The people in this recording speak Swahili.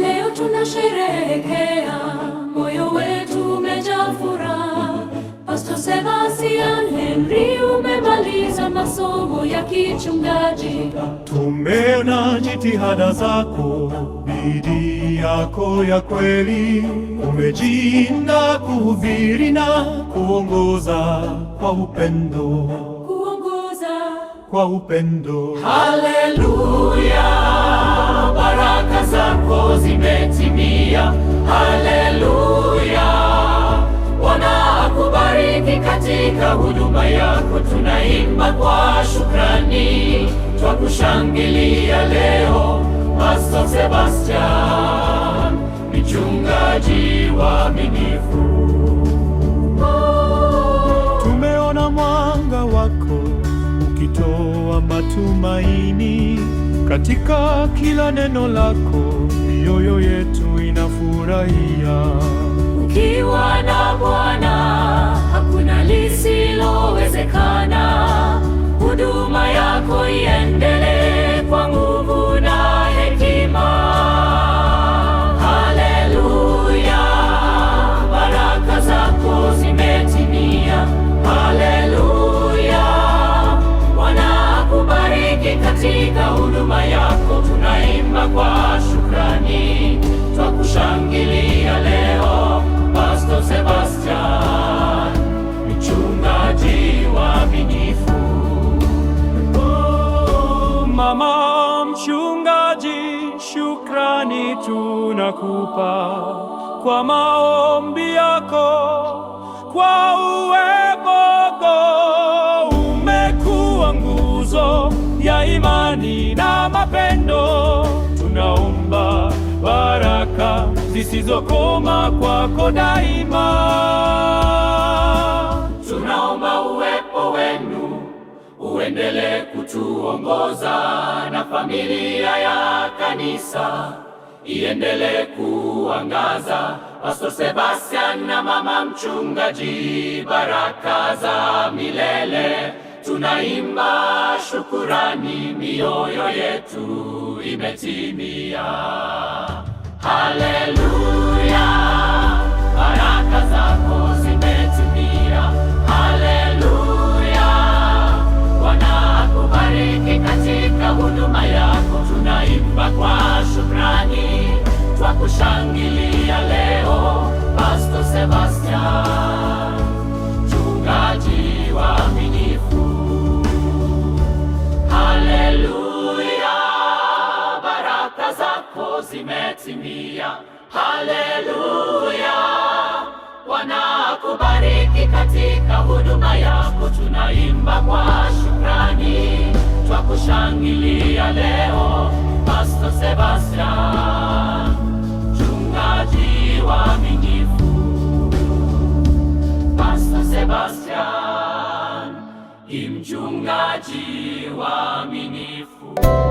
Leo tunasherehekea, moyo wetu umejaa furaha. Pastor Sebastian Henry umemaliza masomo ya kichungaji. Tumeona jitihada zako, bidii yako ya kweli. umejinda kuhubiri na kuongoza kwa upendo, kuongoza kwa upendo. Haleluya! Haleluya, haleluya. Bwana akubariki katika huduma yako, tunaimba kwa shukrani, twakushangilia leo Pastor Sebastian, mchungaji mwaminifu. Tumeona mwanga wako ukitoa matumaini katika kila neno lako mioyo yetu inafurahia. Ukiwa na Bwana hakuna lisilowezekana. Shangilia leo Pastor Sebastian, mchungaji mwaminifu. Oh, mama mchungaji, shukrani tunakupa kwa maombi yako, kwa uwepoko. Umekuwa nguzo ya imani na mapendo zisizokoma kwako daima. Tunaomba uwepo wenu uendelee kutuongoza na familia ya kanisa iendelee kuangaza. Pastor Sebastian na mama mchungaji, baraka za milele. Tunaimba shukurani, mioyo yetu imetimia. Shangilia leo Pastor Sebastian, mchungaji mwaminifu. Haleluya, baraka zako zimetimia. Haleluya, wanakubariki katika huduma yako, tunaimba kwa shukrani, twakushangilia leo Pastor Sebastian ni mchungaji wa